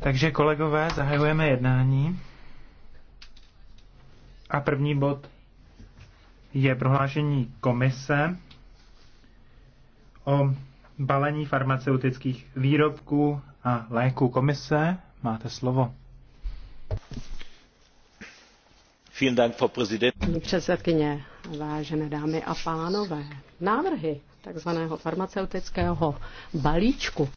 Takže kolegové, zahajujeme jednání. A první bod je prohlášení komise o balení farmaceutických výrobků a léků. Komise, máte slovo. Vielen Dank, Frau Předsedkyně, vážené dámy a pánové, návrhy takzvaného farmaceutického balíčku